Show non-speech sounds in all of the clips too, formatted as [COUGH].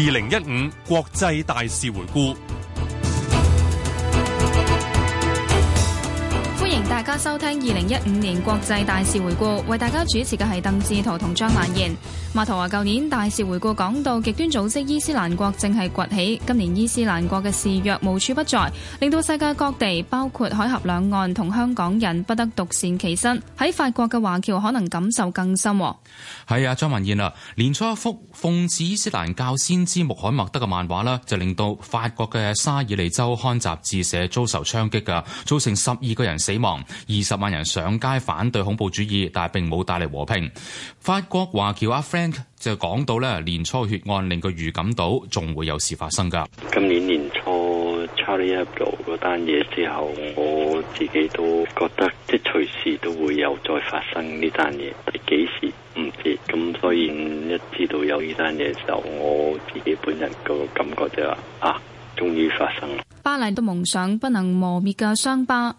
二零一五國際大事回顧。大家收聽二零一五年國際大事回顧，為大家主持嘅係鄧志圖同張文燕。馬圖話：舊年大事回顧講到極端組織伊斯蘭國正係崛起，今年伊斯蘭國嘅事若無處不在，令到世界各地，包括海峽兩岸同香港人不得獨善其身。喺法國嘅華僑可能感受更深。係啊，張文燕啊，年初一幅諷刺伊斯蘭教先知穆罕默德嘅漫畫咧，就令到法國嘅沙爾尼周刊雜誌社遭受槍擊嘅，造成十二個人死亡。二十萬人上街反對恐怖主義，但係並冇帶嚟和平。法國華僑阿 Frank 就講到咧：年初血案令佢預感到，仲會有事發生噶。今年年初 Charlie Hebdo 嗰單嘢之後，我自己都覺得即係隨時都會有再發生呢單嘢，但係幾時唔知。咁所以一知道有呢單嘢嘅時候，我自己本人個感覺就話、是、啊，終於發生。巴黎都夢想不能磨滅嘅傷疤。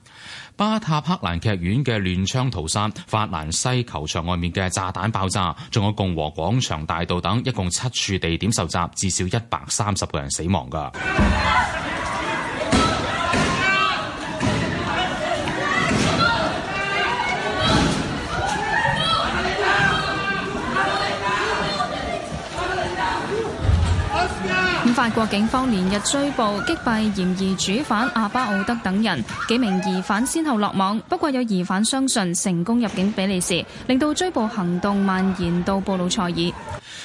巴塔克蘭劇院嘅亂槍屠殺、法蘭西球場外面嘅炸彈爆炸，仲有共和廣場大道等，一共七處地點受襲，至少一百三十個人死亡㗎。 [NOISE] 法國警方連日追捕擊斃嫌疑主犯阿巴奧德等人，幾名疑犯先後落網。不過有疑犯相信成功入境比利時，令到追捕行動蔓延到布魯塞爾。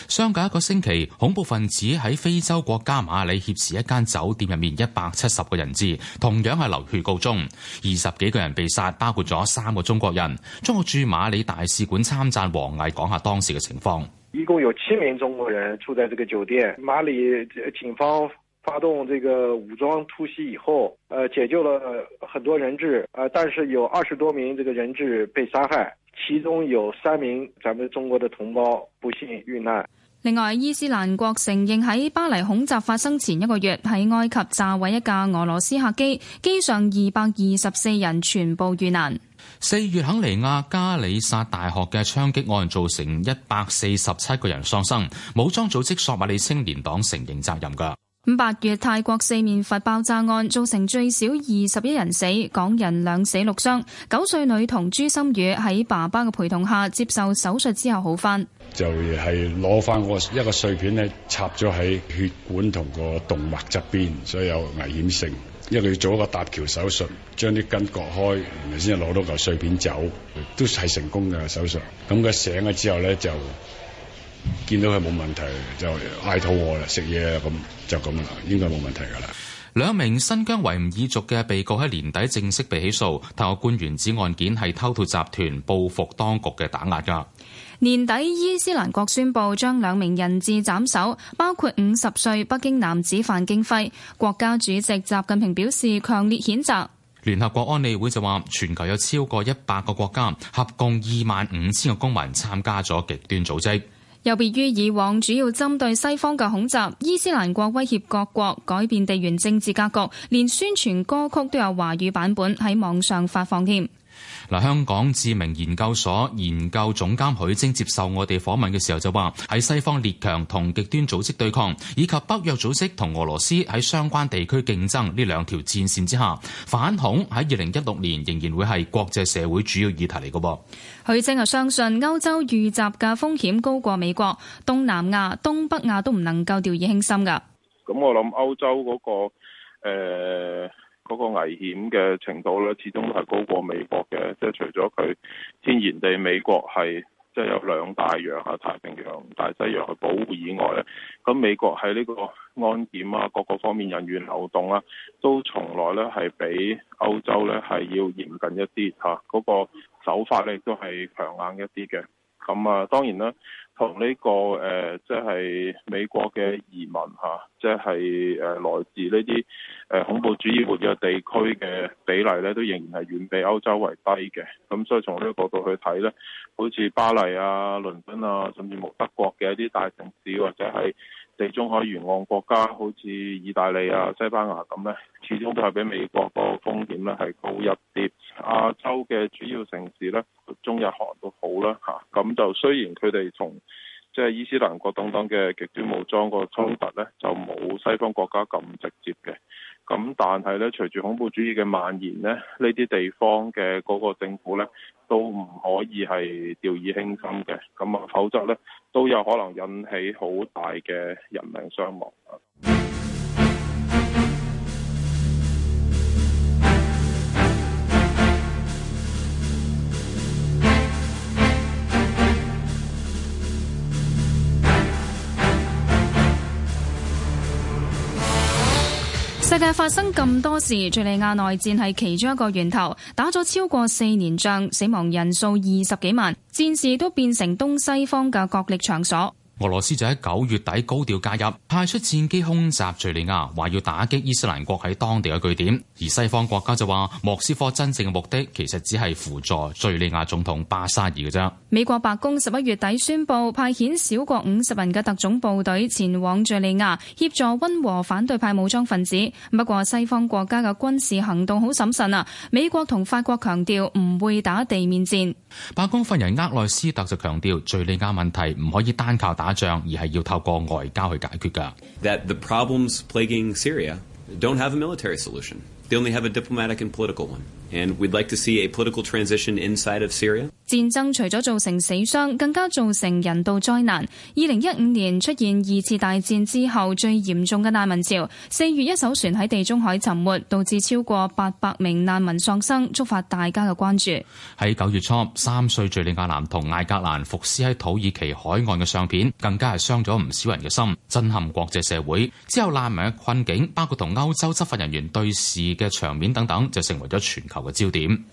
相隔一個星期，恐怖分子喺非洲國家馬里挾持一間酒店入面一百七十個人質，同樣係流血告終，二十幾個人被殺，包括咗三個中國人。中國駐馬里大使館參贊王毅講下當時嘅情況。一共有七名中國人住在這個酒店，馬里警方發動這個武裝突襲以後，呃解救了很多人質，呃但是有二十多名這個人質被殺害，其中有三名咱們中國的同胞不幸遇難。另外，伊斯蘭國承認喺巴黎恐襲發生前一個月，喺埃及炸毀一架俄羅斯客機，機上二百二十四人全部遇難。四月，肯尼亞加里薩大學嘅槍擊案造成一百四十七個人喪生，武裝組織索馬里青年黨承認責任噶。咁八月，泰國四面佛爆炸案造成最少二十一人死，港人兩死六傷。九歲女童朱心雨喺爸爸嘅陪同下接受手術之後好翻，就係攞翻個一個碎片咧插咗喺血管同個動脈側邊，所以有危險性。一佢要做一個搭橋手術，將啲筋割開，然後先至攞到嚿碎片走，都係成功嘅手術。咁佢醒咗之後咧，就見到佢冇問題，就嗌肚餓啦，食嘢咁就咁啦，應該冇問題噶啦。兩名新疆維吾爾族嘅被告喺年底正式被起訴，泰國官員指案件係偷渡集團報復當局嘅打壓噶。年底，伊斯蘭國宣布將兩名人質斬首，包括五十歲北京男子范京輝。國家主席習近平表示強烈譴責。聯合國安理會就話，全球有超過一百個國家合共二萬五千個公民參加咗極端組織。有別於以往主要針對西方嘅恐襲，伊斯蘭國威脅各國改變地緣政治格局，連宣傳歌曲都有華語版本喺網上發放添。嗱，香港知名研究所研究總監許晶接受我哋訪問嘅時候就話：喺西方列強同極端組織對抗，以及北約組織同俄羅斯喺相關地區競爭呢兩條戰線之下，反恐喺二零一六年仍然會係國際社會主要議題嚟噶噃許晶又相信歐洲遇襲嘅風險高過美國，東南亞、東北亞都唔能夠掉以輕心噶。咁我諗歐洲嗰、那個誒。呃嗰個危險嘅程度咧，始終都係高過美國嘅。即係除咗佢天然地美國係即係有兩大洋啊，太平洋、大西洋去保護以外咧，咁美國喺呢個安檢啊，各個方面人員流動啊，都從來咧係比歐洲咧係要嚴謹一啲嚇，嗰個手法咧亦都係強硬一啲嘅。咁、這個呃就是、啊，當然啦，同呢個誒，即係美國嘅移民嚇，即係誒來自呢啲誒恐怖主義活躍嘅地區嘅比例咧，都仍然係遠比歐洲為低嘅。咁所以從呢個角度去睇咧，好似巴黎啊、倫敦啊，甚至乎德國嘅一啲大城市或者係，地中海沿岸國家好似意大利啊、西班牙咁呢，始終都係比美國個風險呢係高一啲。亞洲嘅主要城市呢，中日韓都好啦嚇。咁就雖然佢哋從即係伊斯蘭國等等嘅極端武裝個衝突呢，就冇西方國家咁直接嘅。咁但係呢，隨住恐怖主義嘅蔓延呢，呢啲地方嘅嗰個政府呢，都唔可以係掉以輕心嘅。咁啊，否則呢，都有可能引起好大嘅人命傷亡。發生咁多事，敘利亞內戰係其中一個源頭，打咗超過四年仗，死亡人數二十幾萬，戰事都變成東西方嘅角力場所。俄羅斯就喺九月底高調介入，派出戰機空襲敘利亞，話要打擊伊斯蘭國喺當地嘅據點。而西方國家就話，莫斯科真正嘅目的其實只係輔助敘利亞總統巴沙爾嘅啫。美國白宮十一月底宣布，派遣少過五十人嘅特種部隊前往敘利亞協助溫和反對派武裝分子。不過西方國家嘅軍事行動好審慎啊。美國同法國強調唔會打地面戰。白宮發言人厄內斯特就強調，敘利亞問題唔可以單靠打，打仗而係要透過外交去解決㗎。That the problems plaguing Syria don't have a military solution. They only have a diplomatic and political one. And we'd like to see a political transition inside of Syria。戰爭除咗造成死傷，更加造成人道災難。二零一五年出現二次大戰之後最嚴重嘅難民潮。四月一艘船喺地中海沉沒，導致超過八百名難民喪生，觸發大家嘅關注。喺九月初，三歲敘利亞男童艾格蘭伏屍喺土耳其海岸嘅相片，更加係傷咗唔少人嘅心，震撼國際社會。之後難民嘅困境，包括同歐洲執法人員對峙嘅場面等等，就成為咗全球。焦點。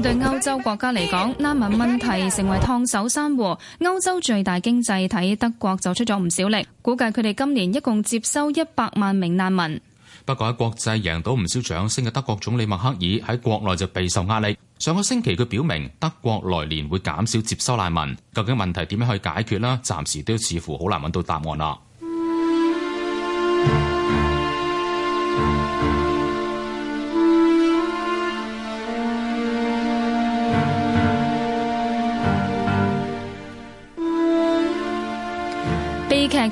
對歐洲國家嚟講，難民問題成為燙手山芋。歐洲最大經濟體德國就出咗唔少力，估計佢哋今年一共接收一百萬名難民。不過喺國際贏到唔少掌聲嘅德國總理默克爾喺國內就備受壓力。上個星期佢表明，德國來年會減少接收難民。究竟問題點樣去解決咧？暫時都似乎好難揾到答案啦。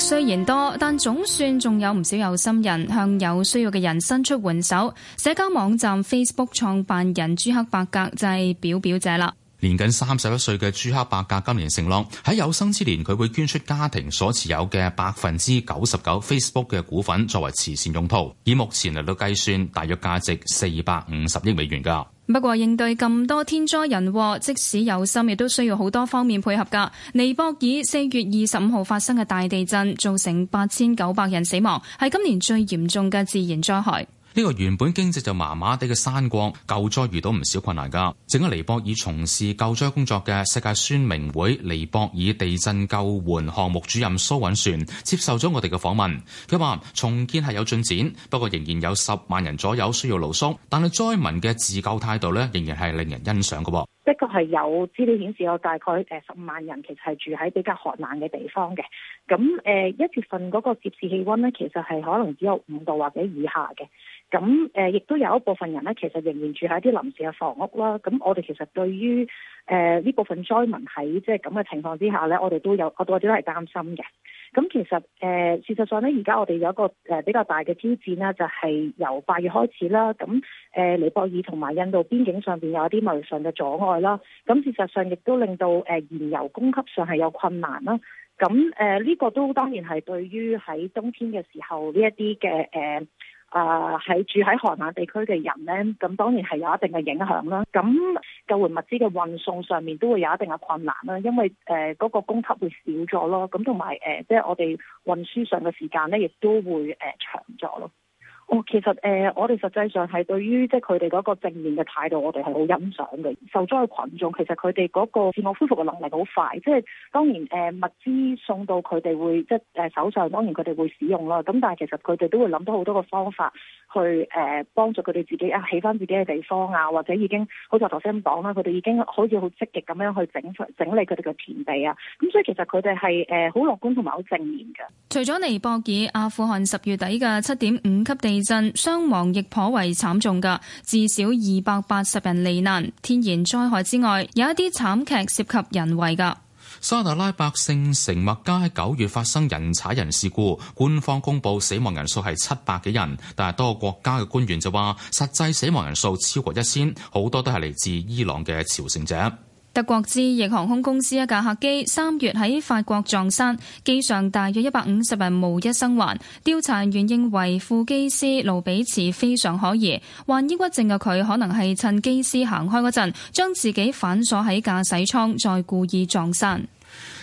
雖然多，但總算仲有唔少有心人向有需要嘅人伸出援手。社交網站 Facebook 創辦人朱克伯格就係表表者啦。年僅三十一歲嘅朱克伯格今年承諾喺有生之年，佢會捐出家庭所持有嘅百分之九十九 Facebook 嘅股份作為慈善用途。以目前嚟到計算，大約價值四百五十億美元噶。不過應對咁多天災人禍，即使有心，亦都需要好多方面配合㗎。尼泊爾四月二十五號發生嘅大地震，造成八千九百人死亡，係今年最嚴重嘅自然災害。呢個原本經濟就麻麻地嘅山國，救災遇到唔少困難㗎。正喺尼泊爾從事救災工作嘅世界宣明會尼泊爾地震救援項目主任蘇允璇接受咗我哋嘅訪問，佢話重建係有進展，不過仍然有十萬人左右需要露宿，但係災民嘅自救態度咧，仍然係令人欣賞嘅。的確係有資料顯示，有大概誒十五萬人其實係住喺比較寒冷嘅地方嘅。咁誒、呃、一月份嗰個攝氏氣温咧，其實係可能只有五度或者以下嘅。咁誒、呃、亦都有一部分人咧，其實仍然住喺啲臨時嘅房屋啦。咁我哋其實對於誒呢、呃、部分災民喺即係咁嘅情況之下咧，我哋都有我哋都係擔心嘅。咁其實，誒、呃，事實上咧，而家我哋有一個誒、呃、比較大嘅挑戰啦，就係、是、由八月開始啦。咁，誒、呃，尼泊爾同埋印度邊境上面有一啲貿易上嘅阻礙啦。咁事實上，亦都令到誒燃、呃、油供給上係有困難啦。咁，誒、呃，呢、這個都當然係對於喺冬天嘅時候呢一啲嘅誒。呃啊，喺、uh，住喺寒冷地區嘅人咧，咁當然係有一定嘅影響啦。咁救援物資嘅運送上面都會有一定嘅困難啦，因為誒嗰、呃那個供給會少咗咯。咁同埋誒，即、呃、係、就是、我哋運輸上嘅時間咧，亦都會誒、呃、長咗咯。哦，其實誒、呃，我哋實際上係對於即係佢哋嗰個正面嘅態度，我哋係好欣賞嘅。受災群眾其實佢哋嗰個自我恢復嘅能力好快，即係當然誒物資送到佢哋會即係誒手上，當然佢哋會使用啦。咁但係其實佢哋都會諗到好多個方法去誒、呃、幫助佢哋自己啊起翻自己嘅地方啊，或者已經好似我頭先咁講啦，佢哋已經好似好積極咁樣去整翻整理佢哋嘅田地啊。咁所以其實佢哋係誒好樂觀同埋好正面嘅。除咗尼泊爾、阿富汗十月底嘅七點五級地地震傷亡亦頗為慘重噶，至少二百八十人罹難。天然災害之外，有一啲慘劇涉及人為噶。沙特拉伯聖城麥加喺九月發生人踩人事故，官方公布死亡人數係七百幾人，但係多個國家嘅官員就話實際死亡人數超過一千，好多都係嚟自伊朗嘅朝聖者。德國之翼航空公司一架客機三月喺法國撞山，機上大約一百五十人無一生還。調查員認為副機師盧比茨非常可疑，患抑鬱症嘅佢可能係趁機師行開嗰陣，將自己反鎖喺駕駛艙，再故意撞山。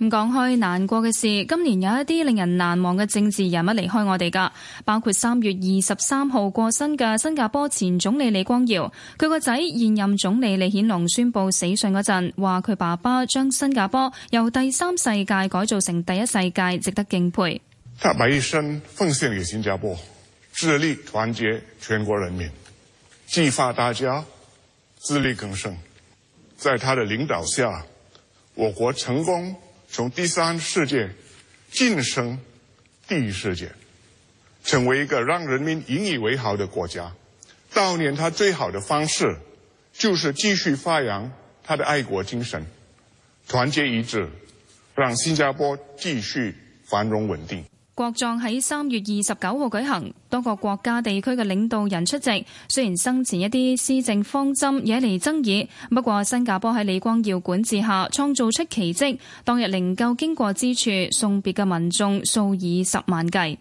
唔講開難過嘅事，今年有一啲令人難忘嘅政治人物離開我哋噶，包括三月二十三號過身嘅新加坡前總理李光耀，佢個仔現任總理李顯龍宣布死訊嗰陣，話佢爸爸將新加坡由第三世界改造成第一世界，值得敬佩。他把一生奉獻給新加坡，致力團結全國人民，激發大家自力更生。在他的領導下，我國成功。從第三世界晉升第一世界，成為一個讓人民引以為豪的國家。悼念他最好的方式就是繼續發揚他的愛國精神，團結一致，讓新加坡繼續繁榮穩定。國葬喺三月二十九號舉行，多個國家地區嘅領導人出席。雖然生前一啲施政方針惹嚟爭議，不過新加坡喺李光耀管治下創造出奇蹟。當日靈柩經過之處，送別嘅民眾數以十萬計。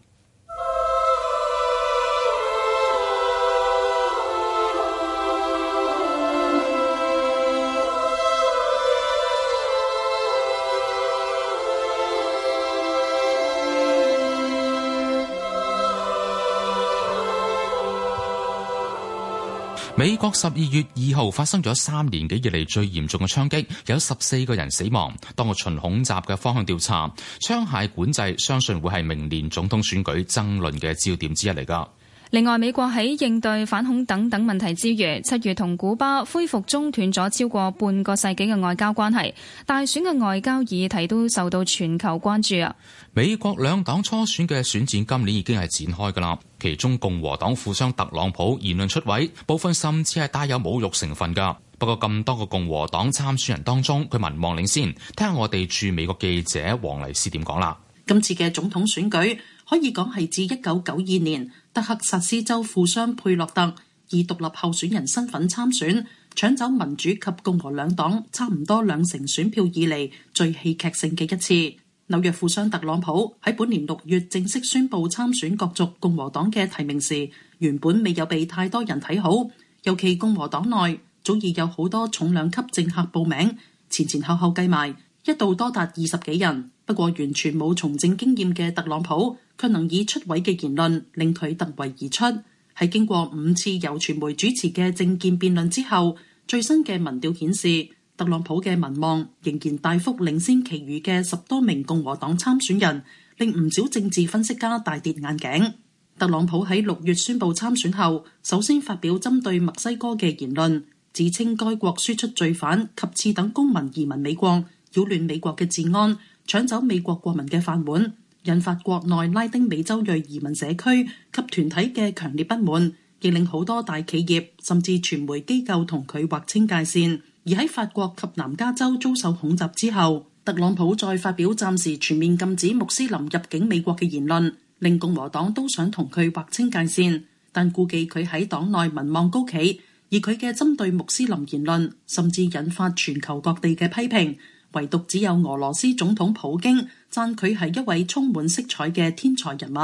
美國十二月二號發生咗三年幾以嚟，最嚴重嘅槍擊，有十四個人死亡。當我巡恐襲嘅方向調查，槍械管制相信會係明年總統選舉爭論嘅焦點之一嚟噶。另外，美國喺應對反恐等等問題之餘，七月同古巴恢復中斷咗超過半個世紀嘅外交關係。大選嘅外交議題都受到全球關注啊！美國兩黨初選嘅選戰今年已經係展開噶啦，其中共和黨富商特朗普言論出位，部分甚至係帶有侮辱成分噶。不過咁多個共和黨參選人當中，佢民望領先。聽下我哋駐美國記者黃麗絲點講啦。今次嘅總統選舉，可以講係自一九九二年德克薩斯州富商佩洛特以獨立候選人身份參選，搶走民主及共和兩黨差唔多兩成選票以嚟最戲劇性嘅一次。紐約富商特朗普喺本年六月正式宣布參選角逐共和黨嘅提名時，原本未有畀太多人睇好，尤其共和黨內早已有好多重量級政客報名，前前後後計埋一度多達二十幾人。不過完全冇從政經驗嘅特朗普，卻能以出位嘅言論令佢突圍而出。喺經過五次由傳媒主持嘅政見辯論之後，最新嘅民調顯示，特朗普嘅民望仍然大幅領先其餘嘅十多名共和黨參選人，令唔少政治分析家大跌眼鏡。特朗普喺六月宣布參選後，首先發表針對墨西哥嘅言論，自稱該國輸出罪犯及次等公民移民美國，擾亂美國嘅治安。搶走美國國民嘅飯碗，引發國內拉丁美洲裔移民社區及團體嘅強烈不滿，亦令好多大企業甚至傳媒機構同佢劃清界線。而喺法國及南加州遭受恐襲之後，特朗普再發表暫時全面禁止穆斯林入境美國嘅言論，令共和黨都想同佢劃清界線，但顧忌佢喺黨內民望高企，而佢嘅針對穆斯林言論，甚至引發全球各地嘅批評。唯獨只有俄羅斯總統普京讚佢係一位充滿色彩嘅天才人物。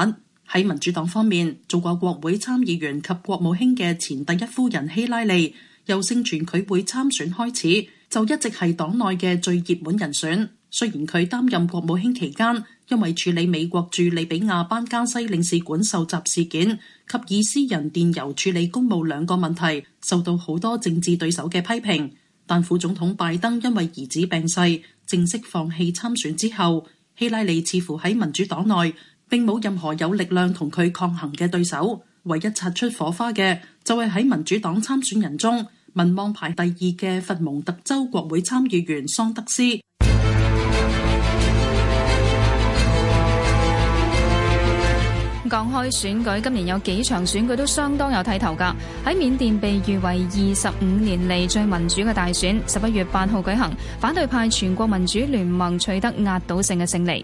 喺民主黨方面，做過國會參議員及國務卿嘅前第一夫人希拉里，由盛傳佢會參選開始，就一直係黨內嘅最熱門人選。雖然佢擔任國務卿期間，因為處理美國駐利比亞班加西領事館受襲事件及以私人電郵處理公務兩個問題，受到好多政治對手嘅批評。但副總統拜登因為兒子病逝，正式放棄參選之後，希拉里似乎喺民主黨內並冇任何有力量同佢抗衡嘅對手。唯一擦出火花嘅就係喺民主黨參選人中，民望排第二嘅佛蒙特州國會參議員桑德斯。剛開選舉，今年有幾場選舉都相當有睇頭噶。喺緬甸被譽為二十五年嚟最民主嘅大選，十一月八號舉行，反對派全國民主聯盟取得壓倒性嘅勝利。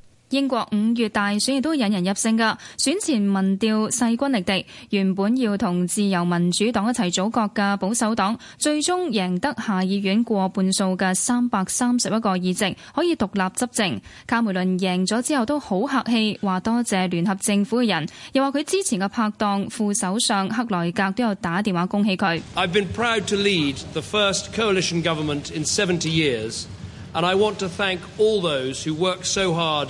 英國五月大選亦都引人入勝㗎，選前民調勢均力敵。原本要同自由民主黨一齊組閣嘅保守黨，最終贏得下議院過半數嘅三百三十一個議席，可以獨立執政。卡梅倫贏咗之後都好客氣，話多謝聯合政府嘅人，又話佢之前嘅拍檔、副首相克萊格都有打電話恭喜佢。I've been proud to lead the first coalition government in 70 years, and I want to thank all those who work so hard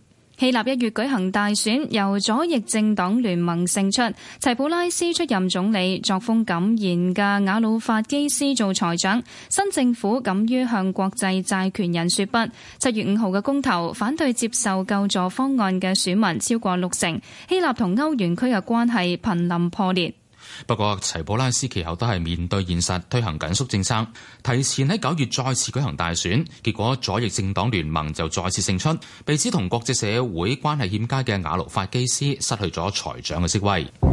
希臘一月舉行大選，由左翼政黨聯盟勝出，齊普拉斯出任總理，作風敢言嘅瓦魯法基斯做財長。新政府敢於向國際債權人說不。七月五號嘅公投，反對接受救助方案嘅選民超過六成。希臘同歐元區嘅關係瀕臨破裂。不過齊普拉斯其後都係面對現實推行緊縮政策，提前喺九月再次舉行大選，結果左翼政黨聯盟就再次勝出，被指同國際社會關係欠佳嘅瓦盧法基斯失去咗財長嘅職位。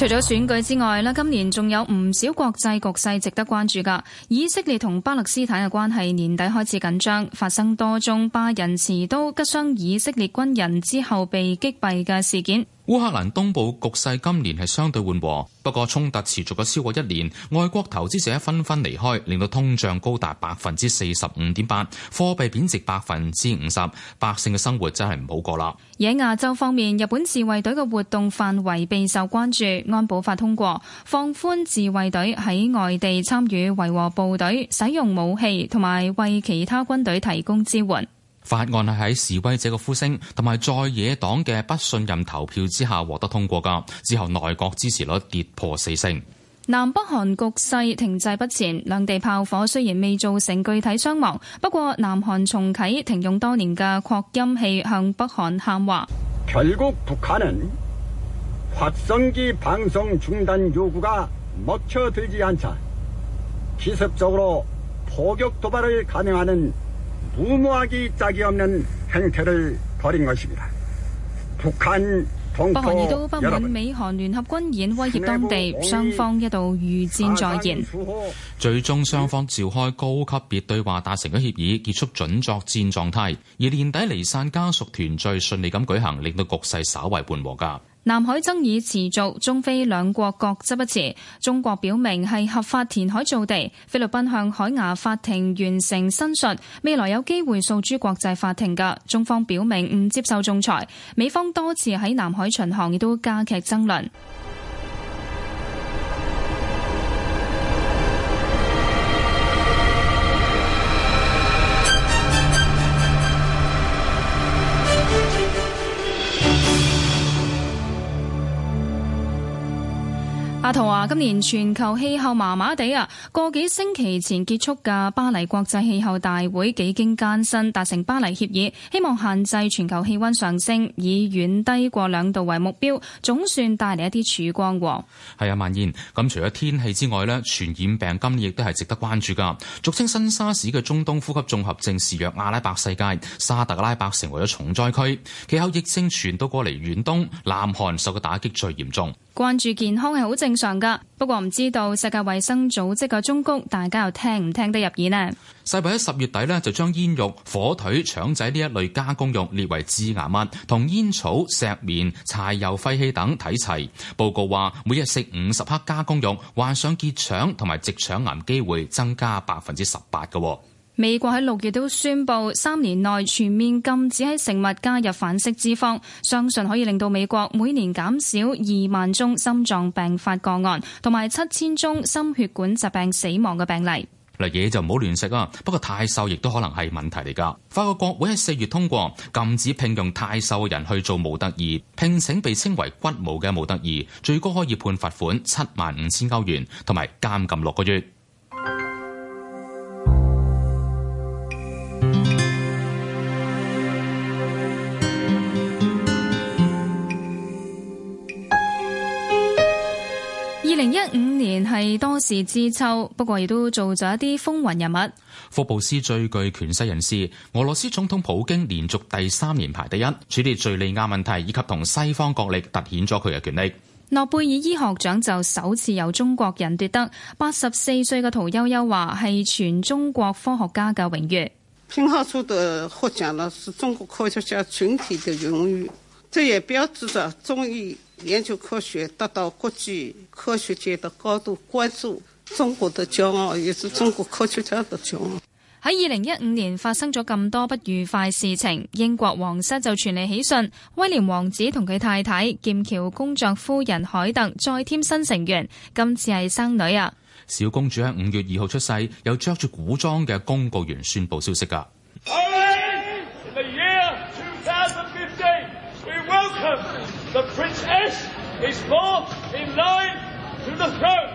除咗選舉之外啦，今年仲有唔少國際局勢值得關注㗎。以色列同巴勒斯坦嘅關係年底開始緊張，發生多宗巴人持刀拮傷以色列軍人之後被擊斃嘅事件。烏克蘭東部局勢今年係相對緩和，不過衝突持續咗超過一年，外國投資者紛紛離開，令到通脹高達百分之四十五點八，貨幣貶值百分之五十，百姓嘅生活真係唔好過啦。而喺亞洲方面，日本自衛隊嘅活動範圍備受關注，安保法通過，放寬自衛隊喺外地參與維和部隊、使用武器同埋為其他軍隊提供支援。法案係喺示威者嘅呼聲同埋在野黨嘅不信任投票之下獲得通過㗎，之後內閣支持率跌破四成。南北韓局勢停滯不前，兩地炮火雖然未造成具體傷亡，不過南韓重啟停用多年嘅擴音器向北韓喊話。北韓亦都北韓美韓聯合軍演威脅當地，雙方一度遇戰再現。最終雙方召開高級別對話，達成咗協議，結束準作戰狀態。而年底離散家屬團聚順利咁舉行，令到局勢稍為緩和噶。南海爭議持續，中菲兩國各執一詞。中國表明係合法填海造地，菲律賓向海牙法庭完成申述，未來有機會訴諸國際法庭嘅。中方表明唔接受仲裁，美方多次喺南海巡航亦都加劇爭論。阿圖話，今年全球氣候麻麻地啊，過幾星期前結束嘅巴黎國際氣候大會幾經艱辛達成巴黎協議，希望限制全球氣溫上升，以遠低過兩度為目標，總算帶嚟一啲曙光。係啊，萬燕。咁除咗天氣之外咧，傳染病今年亦都係值得關注噶。俗稱新沙士嘅中東呼吸綜合症肆虐阿拉伯世界，沙特阿拉伯成為咗重災區，其後疫情傳到過嚟遠東，南韓受嘅打擊最嚴重。關注健康係好正上噶，不過唔知道世界衛生組織嘅忠告，大家又聽唔聽得入耳呢？世衞喺十月底呢，就將煙肉、火腿、腸仔呢一類加工肉列為致癌物，同煙草、石棉、柴油廢氣等睇齊。報告話，每日食五十克加工肉，患上結腸同埋直腸癌機會增加百分之十八㗎。美國喺六月都宣布，三年內全面禁止喺食物加入反式脂肪，相信可以令到美國每年減少二萬宗心臟病發個案，同埋七千宗心血管疾病死亡嘅病例。嗱，嘢就唔好亂食啊，不過太瘦亦都可能係問題嚟㗎。法國國會喺四月通過禁止聘用太瘦嘅人去做模特兒，聘請被稱為骨模嘅模特兒，最高可以判罰款七萬五千歐元，同埋監禁六個月。係多事之秋，不過亦都做咗一啲風雲人物。福布斯最具權勢人士，俄羅斯總統普京連續第三年排第一，處理敘利亞問題以及同西方角力凸顯咗佢嘅權力。諾貝爾醫學獎就首次由中國人奪得，八十四歲嘅屠呦呦話係全中國科學家嘅榮譽。這也標誌着中醫研究科學得到國際科學界的高度關注，中國的驕傲也是中國科學家的驕傲。喺二零一五年發生咗咁多不愉快事情，英國皇室就傳嚟喜訊，威廉王子同佢太太劍橋公爵夫人凱特再添新成員，今次係生女啊！小公主喺五月二號出世，有着住古裝嘅公告員宣布消息噶。 [NOISE] The princess is born in line to the throne.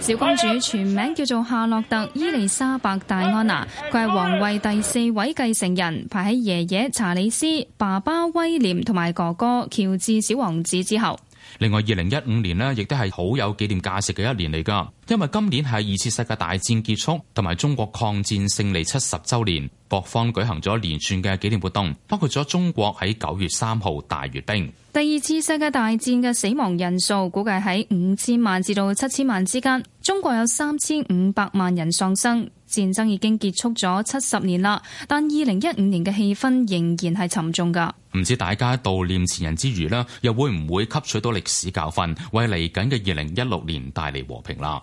小公主全名叫做夏洛特伊麗莎白戴安娜，佢係王位第四位繼承人，排喺爺爺查理斯、爸爸威廉同埋哥哥喬治小王子之後。另外，二零一五年呢亦都係好有紀念價值嘅一年嚟噶。因為今年係二次世界大戰結束同埋中國抗戰勝利七十周年，各方舉行咗連串嘅紀念活動，包括咗中國喺九月三號大閱兵。第二次世界大戰嘅死亡人數估計喺五千萬至到七千萬之間，中國有三千五百萬人喪生。戰爭已經結束咗七十年啦，但二零一五年嘅氣氛仍然係沉重㗎。唔知大家悼念前人之餘呢，又會唔會吸取到歷史教訓，為嚟緊嘅二零一六年帶嚟和平啦？